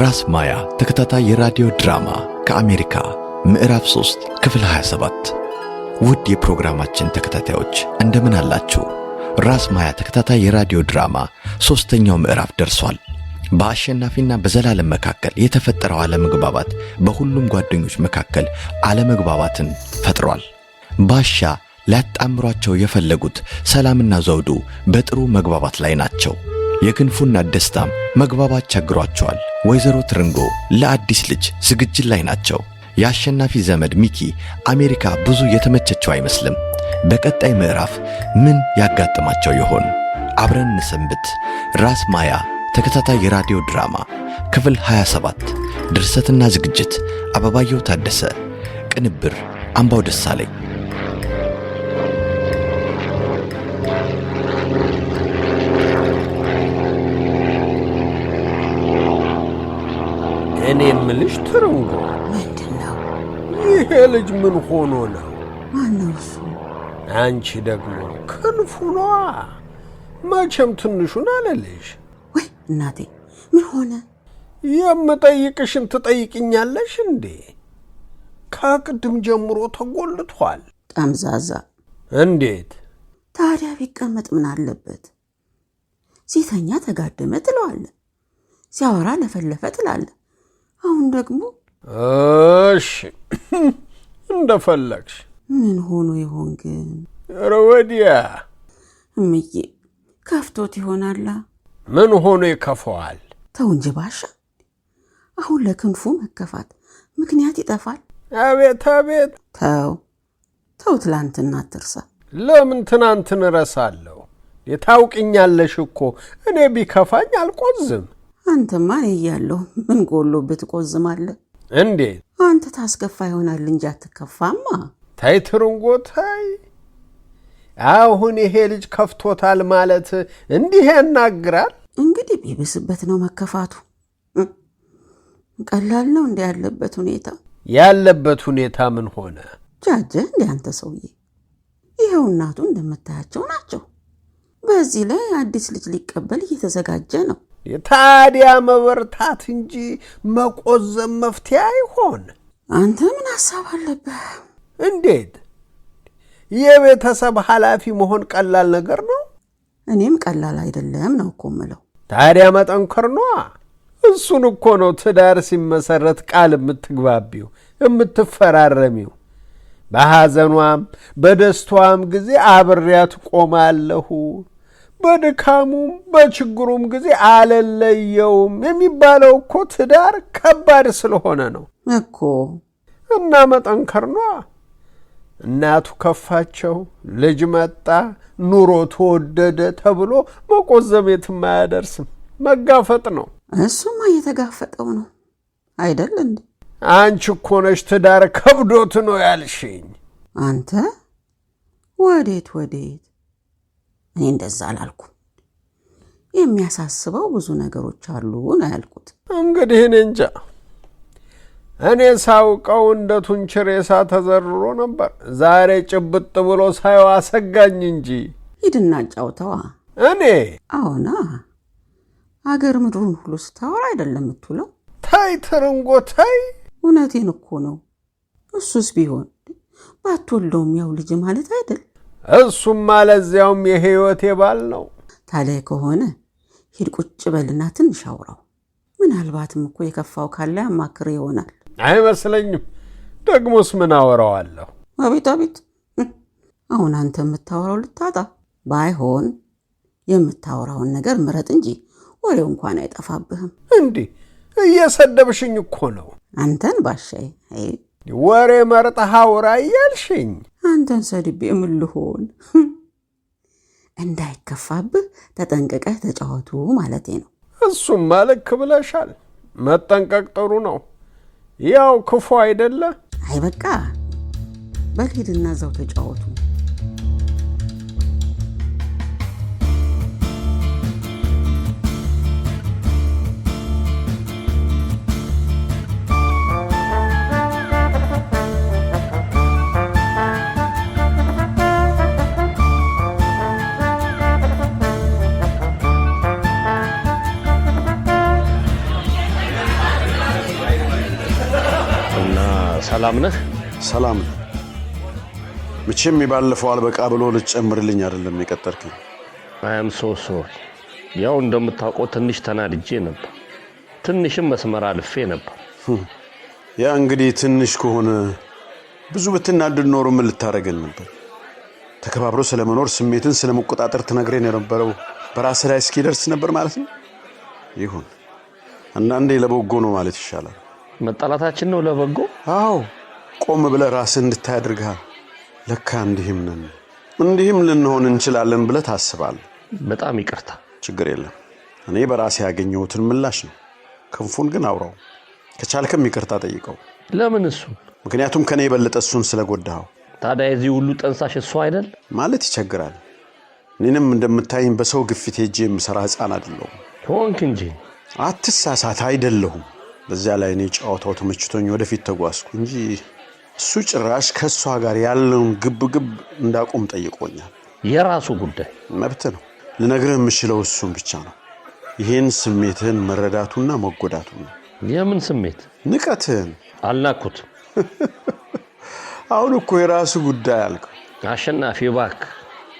ራስ ማያ ተከታታይ የራዲዮ ድራማ ከአሜሪካ ምዕራፍ 3 ክፍል 27። ውድ የፕሮግራማችን ተከታታዮች እንደምን አላችሁ? ራስ ማያ ተከታታይ የራዲዮ ድራማ ሦስተኛው ምዕራፍ ደርሷል። በአሸናፊና በዘላለም መካከል የተፈጠረው አለመግባባት በሁሉም ጓደኞች መካከል አለመግባባትን ፈጥሯል። ባሻ ሊያጣምሯቸው የፈለጉት ሰላምና ዘውዱ በጥሩ መግባባት ላይ ናቸው። የክንፉና ደስታም መግባባት ቸግሯቸዋል። ወይዘሮ ትርንጎ ለአዲስ ልጅ ዝግጅት ላይ ናቸው። የአሸናፊ ዘመድ ሚኪ አሜሪካ ብዙ የተመቸቸው አይመስልም። በቀጣይ ምዕራፍ ምን ያጋጥማቸው ይሆን? አብረን እንሰንብት። ራስ ማያ ተከታታይ የራዲዮ ድራማ ክፍል 27 ድርሰትና ዝግጅት አበባየው ታደሰ፣ ቅንብር አምባው ደሳለኝ ነው። ምንድን ይሄ ልጅ? ምን ሆኖ ነው? ማነው አንቺ ደግሞ ክንፉ ነዋ። መቼም ትንሹን አለልሽ። ወይ እናቴ፣ ምን ሆነ? የምጠይቅሽን ትጠይቅኛለሽ እንዴ? ከቅድም ጀምሮ ተጎልቷል። ጠምዛዛ እንዴት ታዲያ ቢቀመጥ ምን አለበት? ሲተኛ ተጋደመ ትለዋለ፣ ሲያወራ ለፈለፈ ትላለ። አሁን ደግሞ እሺ እንደፈለግሽ። ምን ሆኖ ይሆን ግን? ኧረ ወዲያ እምዬ ከፍቶት ይሆናላ። ምን ሆኖ ይከፋዋል? ተው እንጂ ባሻ፣ አሁን ለክንፉ መከፋት ምክንያት ይጠፋል። አቤት አቤት! ተው ተው፣ ትላንትና አትርሳ። ለምን ትናንትን እረሳለሁ? የታውቅኛለሽ እኮ እኔ ቢከፋኝ አልቆዝም። አንተማ እያለሁ ምን ጎሎ ብትቆዝማለህ? እንዴት? አንተ ታስከፋ ይሆናል እንጂ አትከፋማ። ታይ ትርንጎታይ፣ አሁን ይሄ ልጅ ከፍቶታል ማለት እንዲህ ያናግራል? እንግዲህ ቢብስበት ነው መከፋቱ። ቀላል ነው እንደ ያለበት ሁኔታ። ያለበት ሁኔታ ምን ሆነ? ጃጀ እንደ አንተ ሰውዬ፣ ይኸው እናቱ እንደምታያቸው ናቸው። በዚህ ላይ አዲስ ልጅ ሊቀበል እየተዘጋጀ ነው። የታዲያ መበርታት እንጂ መቆዘም መፍትሄ አይሆን። አንተ ምን ሀሳብ አለብህ? እንዴት የቤተሰብ ኃላፊ መሆን ቀላል ነገር ነው? እኔም ቀላል አይደለም ነው እኮ ምለው። ታዲያ መጠንከር ነዋ። እሱን እኮ ነው ትዳር ሲመሰረት ቃል የምትግባቢው የምትፈራረሚው። በሐዘኗም በደስታዋም ጊዜ አብሬያት ቆማለሁ በድካሙም በችግሩም ጊዜ አለለየውም የሚባለው እኮ ትዳር ከባድ ስለሆነ ነው እኮ። እና መጠንከር ነዋ። እናቱ ከፋቸው፣ ልጅ መጣ፣ ኑሮ ተወደደ ተብሎ መቆዘም የትም አያደርስም። መጋፈጥ ነው። እሱማ እየተጋፈጠው ነው አይደል እንዴ? አንቺ እኮ ነሽ ትዳር ከብዶት ነው ያልሽኝ። አንተ ወዴት ወዴት እኔ እንደዛ አላልኩ የሚያሳስበው ብዙ ነገሮች አሉ ነው ያልኩት። እንግዲህ እኔ እንጃ። እኔ ሳውቀው እንደ ቱንችር ሬሳ ተዘርሮ ነበር። ዛሬ ጭብጥ ብሎ ሳየው አሰጋኝ እንጂ። ሂድና ጫውተዋ። እኔ አዎና፣ አገር ምድሩን ሁሉ ስታወራ አይደለም የምትውለው። ታይ ትርንጎ ታይ። እውነቴን እኮ ነው። እሱስ ቢሆን ባትወልደውም ያው ልጅ ማለት አይደል እሱም ለዚያውም የህይወት ባል ነው። ታዲያ ከሆነ ሂድ ቁጭ በልና ትንሽ አውራው። ምናልባትም እኮ የከፋው ካለ አማክር ይሆናል። አይመስለኝም። ደግሞስ ምን አወራዋለሁ? አቤት አቤት! አሁን አንተ የምታወራው ልታጣ ባይሆን የምታወራውን ነገር ምረጥ እንጂ ወሬው እንኳን አይጠፋብህም። እንዲህ እየሰደብሽኝ እኮ ነው። አንተን ባሻይ ወሬ መርጠህ አውራ እያልሽኝ አንተን ሰድቤ ምን ልሆን? እንዳይከፋብህ ተጠንቅቀህ ተጫወቱ ማለቴ ነው። እሱማ ልክ ብለሻል። መጠንቀቅ ጥሩ ነው። ያው ክፉ አይደለ? አይ በቃ በልሂድና እዛው ተጫወቱ። እና ሰላም ነህ? ሰላም ነህ? መቼም የባለፈው አልበቃ ብሎ ልትጨምርልኝ አይደለም የቀጠርክኝ። አያም ሶ ሶሪ። ያው እንደምታውቀው ትንሽ ተናድጄ ነበር፣ ትንሽም መስመር አልፌ ነበር። ያ እንግዲህ ትንሽ ከሆነ ብዙ ብትናድድ ኖሮ ምን ልታደርገን ነበር? ተከባብሮ ስለመኖር ስሜትን ስለመቆጣጠር ትነግረን የነበረው በራስ ላይ እስኪደርስ ነበር ማለት ነው። ይሁን አንዳንዴ ለበጎ ነው ማለት ይሻላል። መጣላታችን ነው ለበጎ? አዎ፣ ቆም ብለህ ራስህ እንድታይ አድርግሃል። ለካ እንዲህም ነን እንዲህም ልንሆን እንችላለን ብለህ ታስባል በጣም ይቅርታ። ችግር የለም። እኔ በራሴ ያገኘሁትን ምላሽ ነው። ክንፉን ግን አውራው፣ ከቻልክም ይቅርታ ጠይቀው። ለምን እሱ? ምክንያቱም ከእኔ የበለጠ እሱን ስለጎዳኸው። ታዲያ የዚህ ሁሉ ጠንሳሽ እሱ አይደል ማለት ይቸግራል። እኔንም እንደምታይኝ በሰው ግፊት ሄጄ የምሰራ ሕፃን አይደለሁም። ሆንክ እንጂ። አትሳሳት፣ አይደለሁም በዚያ ላይ እኔ ጨዋታው ተመችቶኝ ወደፊት ተጓዝኩ እንጂ እሱ ጭራሽ ከእሷ ጋር ያለውን ግብግብ እንዳቆም ጠይቆኛል። የራሱ ጉዳይ መብት ነው። ልነግርህ የምችለው እሱን ብቻ ነው። ይህን ስሜትህን መረዳቱና መጎዳቱ ነው። የምን ስሜት? ንቀትህን። አልናኩት። አሁን እኮ የራሱ ጉዳይ አልከው። አሸናፊ ባክ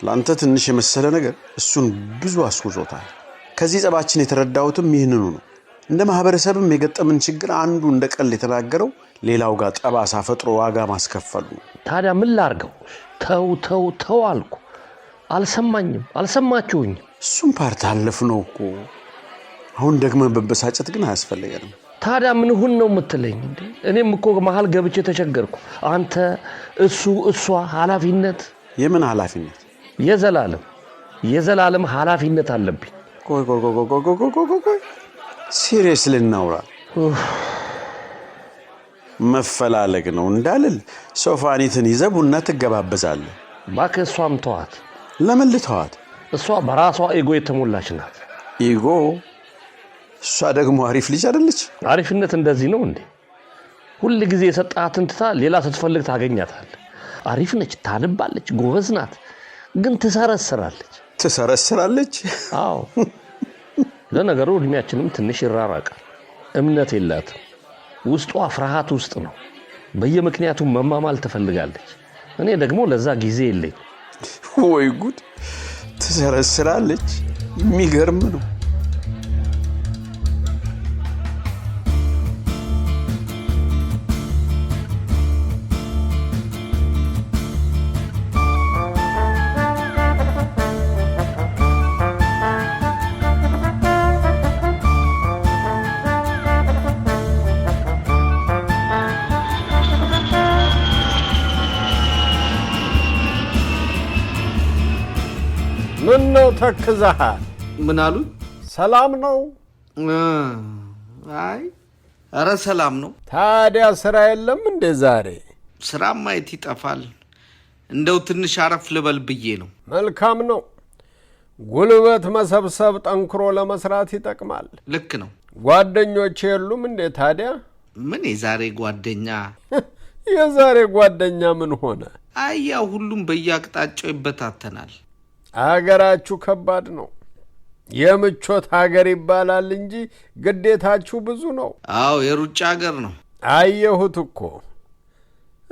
ለአንተ ትንሽ የመሰለ ነገር እሱን ብዙ አስጉዞታል። ከዚህ ጸባችን የተረዳሁትም ይህንኑ ነው። እንደ ማህበረሰብም የገጠምን ችግር አንዱ እንደ ቀል የተናገረው ሌላው ጋር ጠባሳ ፈጥሮ ዋጋ ማስከፈሉ ታዲያ ምን ላርገው? ተው ተው ተው አልኩ፣ አልሰማኝም። አልሰማችሁኝ እሱም ፓርት አለፍ ነው እኮ አሁን ደግመ በበሳጨት ግን አያስፈልገንም። ታዲያ ምን ሁን ነው የምትለኝ? እኔም እኮ መሀል ገብቼ ተቸገርኩ። አንተ እሱ እሷ ኃላፊነት የምን ሀላፊነት የዘላለም የዘላለም ኃላፊነት አለብኝ። ቆይ ቆይ ቆይ ቆይ ሲሪየስ ልናውራ መፈላለግ ነው እንዳልል ሶፋኒትን ይዘ ቡና ትገባበዛለ። ባክ እሷም ተዋት። ለምን ልተዋት? እሷ በራሷ ኢጎ የተሞላች ናት። ኢጎ? እሷ ደግሞ አሪፍ ልጅ አደለች። አሪፍነት እንደዚህ ነው እንዴ? ሁል ጊዜ የሰጣትን ትታ ሌላ ስትፈልግ ታገኛታል። አሪፍ ነች፣ ታንባለች ጎበዝ ናት፣ ግን ትሰረስራለች። ትሰረስራለች? አዎ ለነገሩ እድሜያችንም ትንሽ ይራራቃል። እምነት የላትም። ውስጧ ፍርሃት ውስጥ ነው። በየምክንያቱ መማማል ትፈልጋለች። እኔ ደግሞ ለዛ ጊዜ የለኝ። ወይ ጉድ ትሰረስራለች። የሚገርም ነው። ተክዘሃል። ምን አሉ? ሰላም ነው? አይ ኧረ ሰላም ነው። ታዲያ ስራ የለም እንዴ ዛሬ? ስራ ማየት ይጠፋል። እንደው ትንሽ አረፍ ልበል ብዬ ነው። መልካም ነው። ጉልበት መሰብሰብ ጠንክሮ ለመስራት ይጠቅማል። ልክ ነው። ጓደኞች የሉም እንዴ ታዲያ? ምን የዛሬ ጓደኛ የዛሬ ጓደኛ ምን ሆነ? አያ ሁሉም በየአቅጣጫው ይበታተናል። አገራችሁ ከባድ ነው። የምቾት ሀገር ይባላል እንጂ ግዴታችሁ ብዙ ነው። አዎ የሩጫ ሀገር ነው። አየሁት እኮ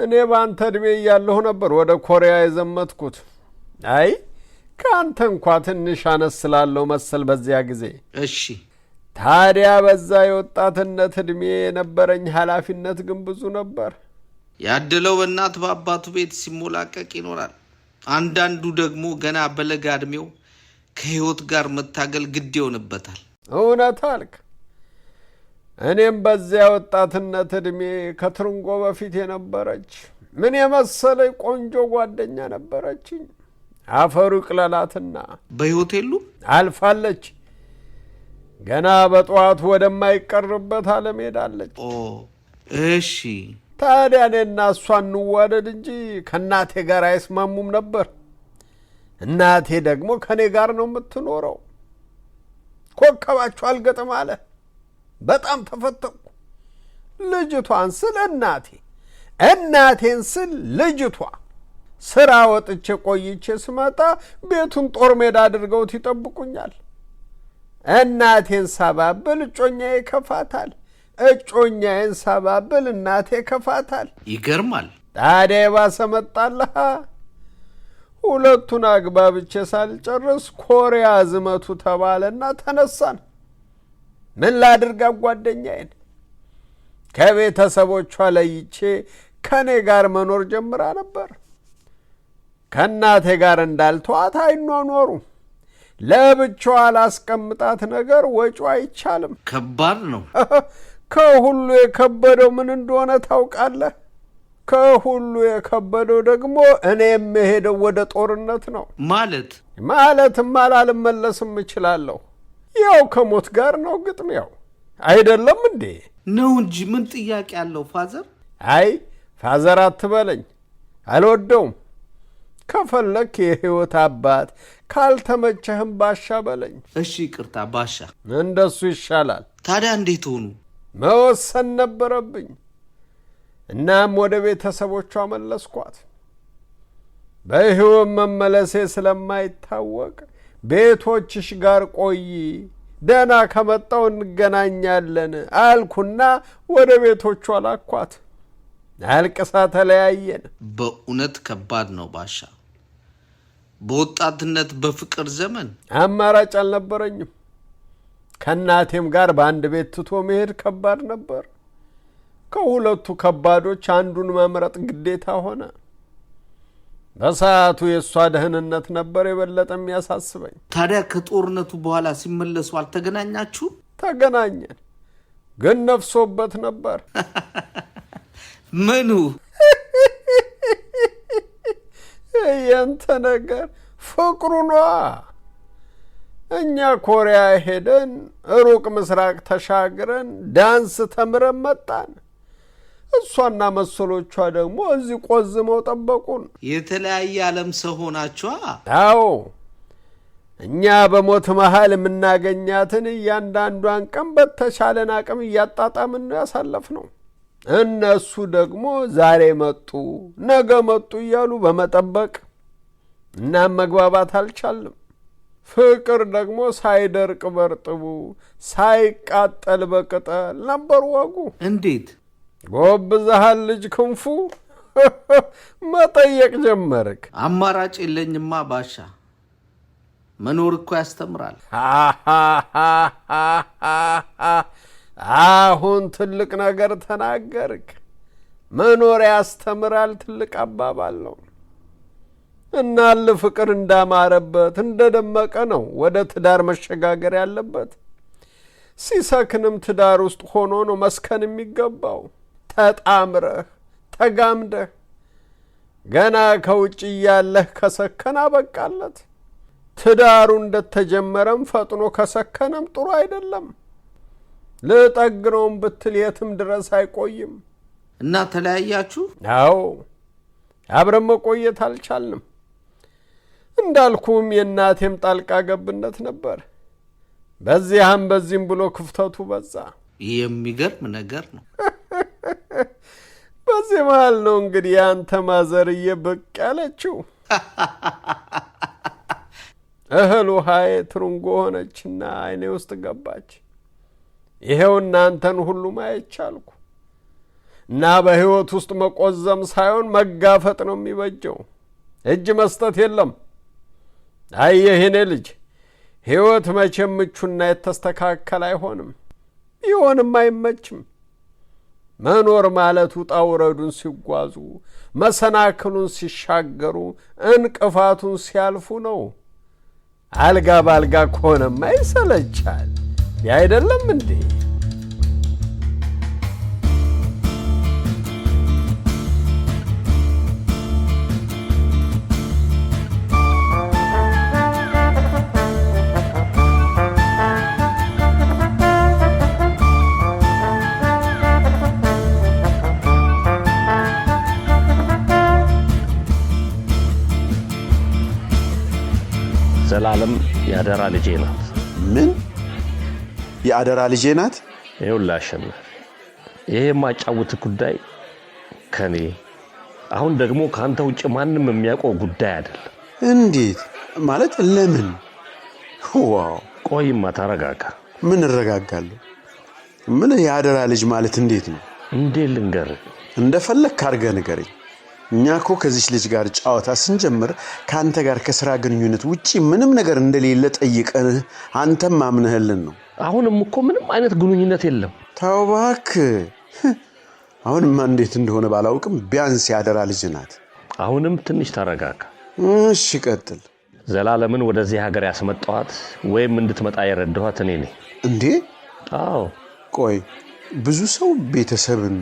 እኔ በአንተ ዕድሜ እያለሁ ነበር ወደ ኮሪያ የዘመትኩት። አይ ከአንተ እንኳ ትንሽ አነስ ስላለው መሰል በዚያ ጊዜ። እሺ ታዲያ በዛ የወጣትነት ዕድሜ የነበረኝ ኃላፊነት ግን ብዙ ነበር። ያደለው በእናት በአባቱ ቤት ሲሞላቀቅ ይኖራል። አንዳንዱ ደግሞ ገና በለጋ እድሜው ከህይወት ጋር መታገል ግድ ይሆንበታል። እውነት አልክ። እኔም በዚያ ወጣትነት እድሜ ከትርንጎ በፊት የነበረች ምን የመሰለኝ ቆንጆ ጓደኛ ነበረችኝ። አፈሩ ቅለላትና በሕይወት የሉ አልፋለች። ገና በጠዋቱ ወደማይቀርበት ዓለም ሄዳለች። እሺ ታዲያ እኔና እሷ እንዋደድ እንጂ ከእናቴ ጋር አይስማሙም ነበር። እናቴ ደግሞ ከእኔ ጋር ነው የምትኖረው። ኮከባችሁ አልገጥም አለ። በጣም ተፈተንኩ። ልጅቷን ስል እናቴ፣ እናቴን ስል ልጅቷ። ስራ ወጥቼ ቆይቼ ስመጣ ቤቱን ጦር ሜዳ አድርገውት ይጠብቁኛል። እናቴን ሳባብል እጮኛዬ ይከፋታል። እጮኛዬን ሰባብል እናቴ ከፋታል። ይገርማል። ታዲያ የባሰ መጣልሃ። ሁለቱን አግባብቼ ሳልጨርስ ኮሪያ ዝመቱ ተባለና ተነሳን። ምን ላድርጋ አጓደኛዬን ከቤተሰቦቿ ለይቼ ከእኔ ጋር መኖር ጀምራ ነበር። ከእናቴ ጋር እንዳልተዋት አይኗኖሩ ለብቻዋ ላስቀምጣት ነገር ወጪ አይቻልም። ከባድ ነው። ከሁሉ የከበደው ምን እንደሆነ ታውቃለህ? ከሁሉ የከበደው ደግሞ እኔ የምሄደው ወደ ጦርነት ነው። ማለት ማለትም አላልመለስም እችላለሁ። ያው ከሞት ጋር ነው ግጥሚያው አይደለም እንዴ? ነው እንጂ ምን ጥያቄ አለው? ፋዘር አይ ፋዘር አትበለኝ፣ አልወደውም። ከፈለክ የህይወት አባት፣ ካልተመቸህም ባሻ በለኝ። እሺ ቅርታ ባሻ እንደሱ ይሻላል። ታዲያ እንዴት ሆኑ? መወሰን ነበረብኝ። እናም ወደ ቤተሰቦቿ መለስኳት። በሕይወት መመለሴ ስለማይታወቅ ቤቶችሽ ጋር ቆይ፣ ደህና ከመጣው እንገናኛለን አልኩና ወደ ቤቶቿ ላኳት። አልቅሳ ተለያየን። በእውነት ከባድ ነው ባሻ። በወጣትነት በፍቅር ዘመን አማራጭ አልነበረኝም። ከእናቴም ጋር በአንድ ቤት ትቶ መሄድ ከባድ ነበር። ከሁለቱ ከባዶች አንዱን መምረጥ ግዴታ ሆነ። በሰዓቱ የእሷ ደህንነት ነበር የበለጠ የሚያሳስበኝ። ታዲያ ከጦርነቱ በኋላ ሲመለሱ አልተገናኛችሁ? ተገናኘን፣ ግን ነፍሶበት ነበር። ምኑ የእንተ ነገር ፍቅሩ ነዋ። እኛ ኮሪያ ሄደን ሩቅ ምስራቅ ተሻግረን ዳንስ ተምረን መጣን። እሷና መሰሎቿ ደግሞ እዚህ ቆዝመው ጠበቁን። የተለያየ ዓለም ሰው ሆናችኋ? አዎ፣ እኛ በሞት መሀል የምናገኛትን እያንዳንዷን ቀን በተቻለን አቅም እያጣጣምን ነው እነሱ ደግሞ ዛሬ መጡ፣ ነገ መጡ እያሉ በመጠበቅ እናም መግባባት አልቻልም። ፍቅር ደግሞ ሳይደርቅ በርጥቡ ሳይቃጠል በቅጠል ነበር ወጉ። እንዴት ጎብዛሃል ልጅ ክንፉ መጠየቅ ጀመርክ። አማራጭ የለኝማ ባሻ፣ መኖር እኮ ያስተምራል። አሁን ትልቅ ነገር ተናገርክ። መኖር ያስተምራል ትልቅ አባባል ነው። እናል ፍቅር እንዳማረበት እንደደመቀ ነው ወደ ትዳር መሸጋገር ያለበት። ሲሰክንም ትዳር ውስጥ ሆኖ ነው መስከን የሚገባው። ተጣምረህ ተጋምደህ ገና ከውጭ እያለህ ከሰከን አበቃለት። ትዳሩ እንደተጀመረም ፈጥኖ ከሰከነም ጥሩ አይደለም። ልጠግነውም ብትል የትም ድረስ አይቆይም እና ተለያያችሁ? አዎ አብረን መቆየት አልቻልንም። እንዳልኩም የእናቴም ጣልቃ ገብነት ነበር። በዚያም በዚህም ብሎ ክፍተቱ በዛ። የሚገርም ነገር ነው። በዚህ መሀል ነው እንግዲህ የአንተ ማዘርዬ ብቅ ያለችው። እህል ውሃዬ ትሩንጎ ሆነችና አይኔ ውስጥ ገባች። ይሄው እናንተን ሁሉ ማየት ቻልኩ እና በሕይወት ውስጥ መቆዘም ሳይሆን መጋፈጥ ነው የሚበጀው። እጅ መስጠት የለም። አየ ይህኔ ልጅ ሕይወት መቼም ምቹና የተስተካከል አይሆንም። ቢሆንም አይመችም። መኖር ማለት ውጣ ውረዱን ሲጓዙ፣ መሰናክሉን ሲሻገሩ፣ እንቅፋቱን ሲያልፉ ነው። አልጋ ባልጋ ከሆነማ ይሰለቻል። አይደለም እንዴ? የአደራ ልጄ ናት። ምን የአደራ ልጄ ናት? ይኸውልህ አሸናፊ፣ ይሄ የማጫውት ጉዳይ ከኔ አሁን ደግሞ ከአንተ ውጭ ማንም የሚያውቀው ጉዳይ አይደለም። እንዴት ማለት? ለምን? ዋው! ቆይማ ተረጋጋ። ምን እረጋጋለሁ? ምን የአደራ ልጅ ማለት እንዴት ነው? እንዴት ልንገርህ? እንደፈለግ ካርገ ንገርኝ። እኛ እኮ ከዚች ልጅ ጋር ጨዋታ ስንጀምር ከአንተ ጋር ከስራ ግንኙነት ውጭ ምንም ነገር እንደሌለ ጠይቀንህ አንተም አምነህልን ነው። አሁንም እኮ ምንም አይነት ግንኙነት የለም። ተው እባክህ። አሁንማ እንዴት እንደሆነ ባላውቅም ቢያንስ ያደራ ልጅ ናት። አሁንም ትንሽ ተረጋጋ። እሺ ቀጥል። ዘላለምን ወደዚህ ሀገር ያስመጣኋት ወይም እንድትመጣ የረዳኋት እኔ ነኝ። እንዴ? አዎ። ቆይ ብዙ ሰው ቤተሰብን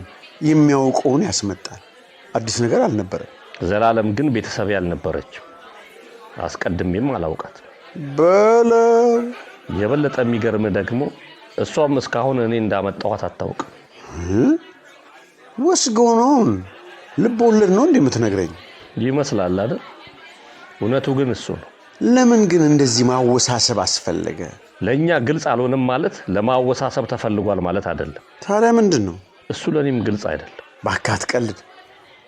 የሚያውቀውን ያስመጣል አዲስ ነገር አልነበረም። ዘላለም ግን ቤተሰብ ያልነበረችው አስቀድሜም አላውቃት በለ የበለጠ የሚገርም ደግሞ እሷም እስካሁን እኔ እንዳመጣኋት አታውቅም። ወስጎ ነው ልብ ወለድ ነው እንዴ የምትነግረኝ? ይመስላል አይደል? እውነቱ ግን እሱ ነው። ለምን ግን እንደዚህ ማወሳሰብ አስፈለገ? ለእኛ ግልጽ አልሆንም ማለት ለማወሳሰብ ተፈልጓል ማለት አይደለም። ታዲያ ምንድን ነው እሱ? ለእኔም ግልጽ አይደለም። ባካት ቀልድ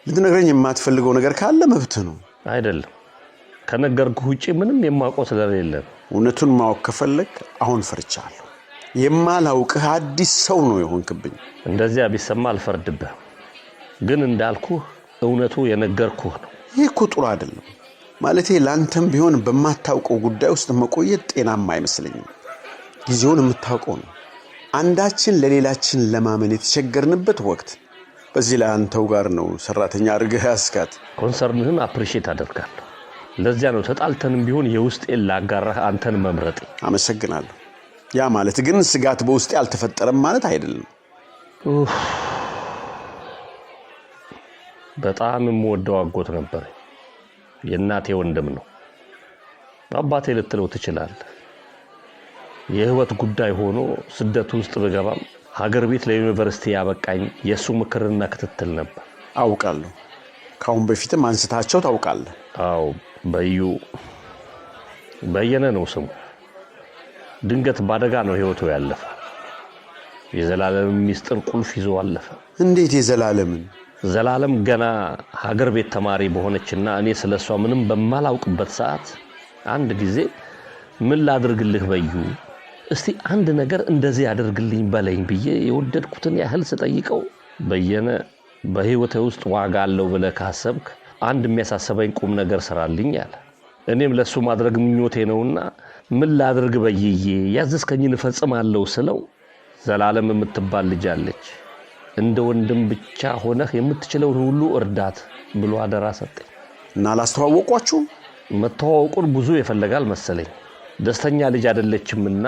ልትነግረኝ የማትፈልገው ነገር ካለ መብት ነው። አይደለም ከነገርኩ ውጭ ምንም የማውቀው ስለሌለ እውነቱን ማወቅ ከፈለግ አሁን ፈርቻለሁ። የማላውቅህ አዲስ ሰው ነው የሆንክብኝ። እንደዚያ ቢሰማ አልፈርድበ ግን እንዳልኩህ እውነቱ የነገርኩህ ነው። ይህ እኮ ጥሩ አይደለም። ማለቴ ለአንተም ቢሆን በማታውቀው ጉዳይ ውስጥ መቆየት ጤናማ አይመስለኝም። ጊዜውን የምታውቀው ነው። አንዳችን ለሌላችን ለማመን የተቸገርንበት ወቅት በዚህ ላይ አንተው ጋር ነው ሰራተኛ አድርገህ ያስካት። ኮንሰርንህን አፕሪሼት አደርጋለሁ። ለዚያ ነው ተጣልተንም ቢሆን የውስጤን ላጋራህ አንተን መምረጤ። አመሰግናለሁ። ያ ማለት ግን ስጋት በውስጤ አልተፈጠረም ማለት አይደለም። በጣም የምወደው አጎት ነበር። የእናቴ ወንድም ነው። አባቴ ልትለው ትችላለህ። የህይወት ጉዳይ ሆኖ ስደት ውስጥ ብገባም ሀገር ቤት ለዩኒቨርሲቲ ያበቃኝ የእሱ ምክርና ክትትል ነበር። አውቃለሁ። ከአሁን በፊትም አንስታቸው ታውቃለ አዎ። በዩ በየነ ነው ስሙ። ድንገት በአደጋ ነው ህይወቱ ያለፈ። የዘላለም ሚስጥር ቁልፍ ይዞ አለፈ። እንዴት? የዘላለምን ዘላለም ገና ሀገር ቤት ተማሪ በሆነችና እኔ ስለ እሷ ምንም በማላውቅበት ሰዓት አንድ ጊዜ ምን ላድርግልህ በዩ እስቲ አንድ ነገር እንደዚህ አድርግልኝ በለኝ ብዬ የወደድኩትን ያህል ስጠይቀው በየነ በህይወቴ ውስጥ ዋጋ አለው ብለህ ካሰብክ አንድ የሚያሳሰበኝ ቁም ነገር ስራልኝ አለ። እኔም ለእሱ ማድረግ ምኞቴ ነውና ምን ላድርግ በይዬ ያዘዝከኝን እፈጽማለሁ ስለው ዘላለም የምትባል ልጅ አለች፣ እንደ ወንድም ብቻ ሆነህ የምትችለውን ሁሉ እርዳት ብሎ አደራ ሰጠኝ እና አላስተዋወቋችሁ መተዋወቁን ብዙ የፈለጋል መሰለኝ ደስተኛ ልጅ አይደለችምና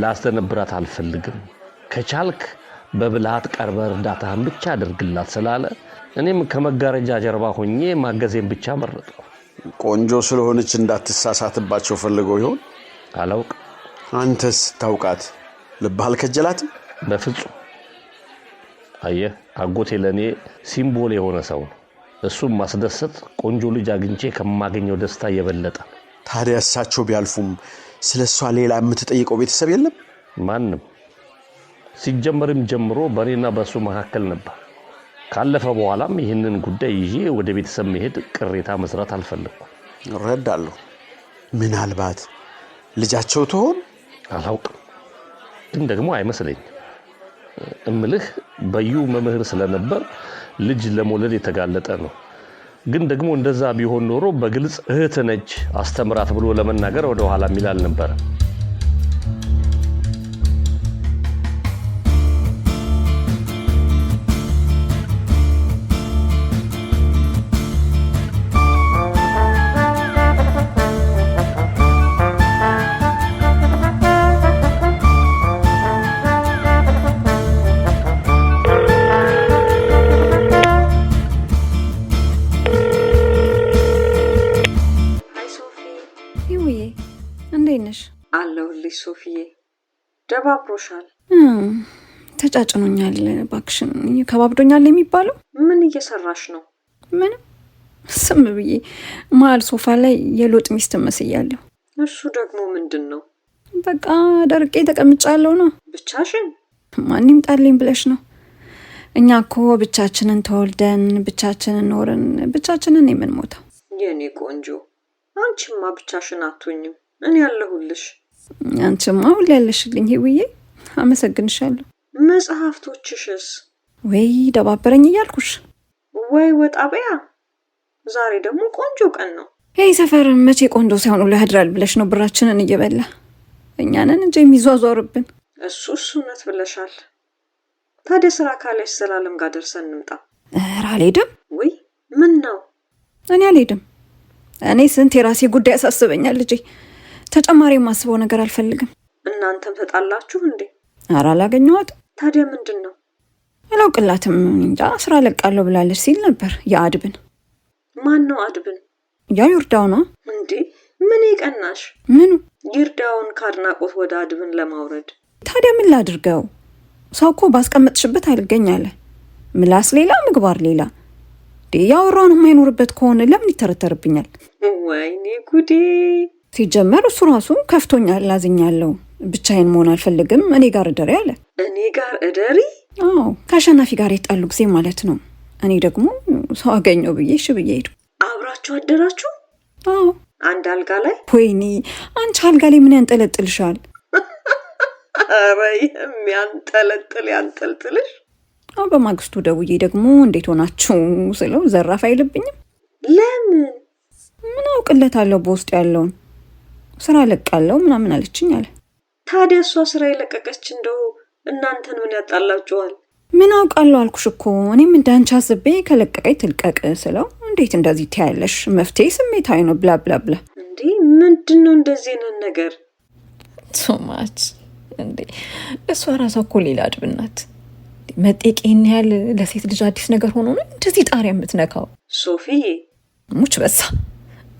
ላስደነብራት አልፈልግም። ከቻልክ በብልሃት ቀርበ እርዳታህን ብቻ አድርግላት ስላለ እኔም ከመጋረጃ ጀርባ ሆኜ ማገዜን ብቻ መረጥኩ። ቆንጆ ስለሆነች እንዳትሳሳትባቸው ፈልገው ይሆን አላውቅ። አንተስ ስታውቃት ልብህ አልከጀላትም? በፍጹም። አየህ አጎቴ ለእኔ ሲምቦል የሆነ ሰው ነው። እሱም ማስደሰት ቆንጆ ልጅ አግኝቼ ከማገኘው ደስታ የበለጠ ታዲያ እሳቸው ቢያልፉም ስለ እሷ ሌላ የምትጠይቀው ቤተሰብ የለም ማንም። ሲጀመርም ጀምሮ በእኔና በእሱ መካከል ነበር። ካለፈ በኋላም ይህንን ጉዳይ ይዤ ወደ ቤተሰብ መሄድ፣ ቅሬታ መስራት አልፈለግኩም። እረዳለሁ። ምናልባት ልጃቸው ትሆን አላውቅም፣ ግን ደግሞ አይመስለኝም። እምልህ በዩ መምህር ስለነበር ልጅ ለመውለድ የተጋለጠ ነው። ግን ደግሞ እንደዛ ቢሆን ኖሮ በግልጽ እህት ነች አስተምራት ብሎ ለመናገር ወደኋላ የሚላል ነበር። ሶፊዬ፣ ደባብሮሻል። ተጫጭኖኛል፣ ባክሽን ከባብዶኛል የሚባለው ምን እየሰራሽ ነው? ምንም ስም ብዬ መሀል ሶፋ ላይ የሎጥ ሚስት መስያለሁ። እሱ ደግሞ ምንድን ነው? በቃ ደርቄ ተቀምጫለሁ ነው። ብቻሽን? ማን ይምጣልኝ ብለሽ ነው? እኛ እኮ ብቻችንን ተወልደን ብቻችንን ኖርን ብቻችንን የምንሞተው። የኔ ቆንጆ አንቺማ ብቻሽን አትሆኝም፣ እኔ ያለሁልሽ። አንቺማ ሁሌ ያለሽልኝ ሄውዬ፣ አመሰግንሻለሁ። መጽሐፍቶችሽስ? ወይ ደባበረኝ እያልኩሽ ወይ ወጣ በያ። ዛሬ ደግሞ ቆንጆ ቀን ነው። ይህ ሰፈር መቼ ቆንጆ ሳይሆን ሁሉ ያድራል ብለሽ ነው ብራችንን እየበላ እኛንን እንጂ የሚዟዟርብን። እሱ እሱ እውነት ብለሻል። ታዲያ ስራ ካለሽ ዘላለም ጋር ደርሰን እንምጣ። ኧረ አልሄድም። ውይ ምን ነው? እኔ አልሄድም። እኔ ስንት የራሴ ጉዳይ ያሳስበኛል ልጄ ተጨማሪ የማስበው ነገር አልፈልግም። እናንተም ተጣላችሁ እንዴ? አራ አላገኘኋትም። ታዲያ ምንድን ነው? አላውቅላትም። እንጃ ስራ ለቃለሁ ብላለች ሲል ነበር። የአድብን ማን ነው? አድብን ያ ይርዳው ነው እንዴ? ምን ይቀናሽ? ምኑ ይርዳውን ከአድናቆት ወደ አድብን ለማውረድ ታዲያ ምን ላድርገው? ሰው እኮ ባስቀመጥሽበት አለ። ምላስ ሌላ ምግባር ሌላ። ያወራውን የማይኖርበት ከሆነ ለምን ይተረተርብኛል? ወይኔ ጉዴ ሲጀመር እሱ ራሱ ከፍቶኛል፣ ላዝኛለሁ፣ ብቻዬን መሆን አልፈልግም፣ እኔ ጋር እደሪ አለ። እኔ ጋር እደሪ? አዎ ከአሸናፊ ጋር የጣሉ ጊዜ ማለት ነው። እኔ ደግሞ ሰው አገኘው ብዬ እሺ ብዬ ሄዱ። አብራችሁ አደራችሁ? አዎ አንድ አልጋ ላይ። ወይኔ አንቺ አልጋ ላይ ምን ያንጠለጥልሻል? ኧረ የሚያንጠለጥል ያንጠልጥልሽ። በማግስቱ ደውዬ ደግሞ እንዴት ሆናችሁ ስለው ዘራፍ አይልብኝም። ለምን ምን አውቅለታለሁ በውስጡ ያለውን ስራ ለቃለው ምናምን አለችኝ አለ። ታዲያ እሷ ስራ የለቀቀች እንደው እናንተን ምን ያጣላችኋል? ምን አውቃለሁ አልኩሽ እኮ እኔም እንደ አንቺ አስቤ ከለቀቀኝ ትልቀቅ ስለው እንዴት እንደዚህ ትያለሽ? መፍትሄ ስሜታዊ ነው ብላ ብላ ብላ። እንዴ ምንድን ነው እንደዚህ ነን ነገር ቶማች እንዴ እሷ ራሷ እኮ ሌላ አድብናት መጤቅ ይህን ያህል ለሴት ልጅ አዲስ ነገር ሆኖ ነው እንደዚህ ጣሪያ የምትነካው ሶፊዬ ሙች በሳ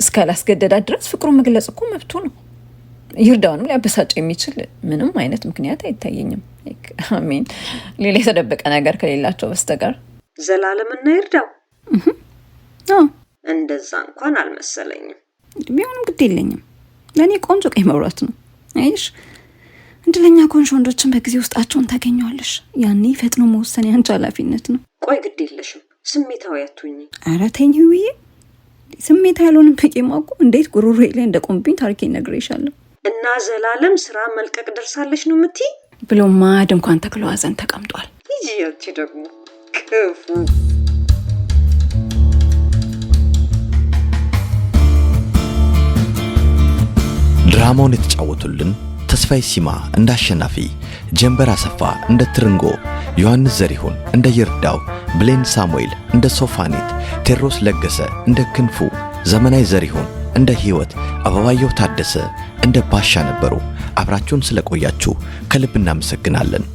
እስካላስገደዳት ድረስ ፍቅሩን መግለጽ እኮ መብቱ ነው። ይርዳውንም ሊያበሳጭ የሚችል ምንም አይነት ምክንያት አይታየኝም። አሜን። ሌላ የተደበቀ ነገር ከሌላቸው በስተቀር ና ይርዳው እንደዛ እንኳን አልመሰለኝም። ቢሆንም ግድ የለኝም። ለእኔ ቆንጆ ቀይ መብራት ነው። አይሽ እድለኛ ኮንሽ ወንዶችን በጊዜ ውስጣቸውን ታገኘዋለሽ። ያኔ ፈጥኖ መወሰን ያንቺ ኃላፊነት ነው። ቆይ ግድ የለሽም፣ ስሜታዊ አትሁኚ። ኧረ ተይኝ ስሜት ያለውን በቂማ እኮ እንዴት ጉሮሮዬ ላይ እንደቆምብኝ ታሪኬ እነግርሻለሁ። እና ዘላለም ስራ መልቀቅ ደርሳለች ነው ምቲ ብሎ ማድ እንኳን ተክሎ ሀዘን ተቀምጧል። ይቺ ደግሞ ክፉ ድራማውን የተጫወቱልን ተስፋይ ሲማ እንደ አሸናፊ፣ ጀንበር አሰፋ እንደ ትርንጎ፣ ዮሐንስ ዘሪሁን እንደ ይርዳው፣ ብሌን ሳሙኤል እንደ ሶፋኔት፣ ቴድሮስ ለገሰ እንደ ክንፉ፣ ዘመናዊ ዘሪሁን እንደ ሕይወት፣ አበባየው ታደሰ እንደ ባሻ ነበሩ። አብራችሁን ስለቆያችሁ ከልብ እናመሰግናለን።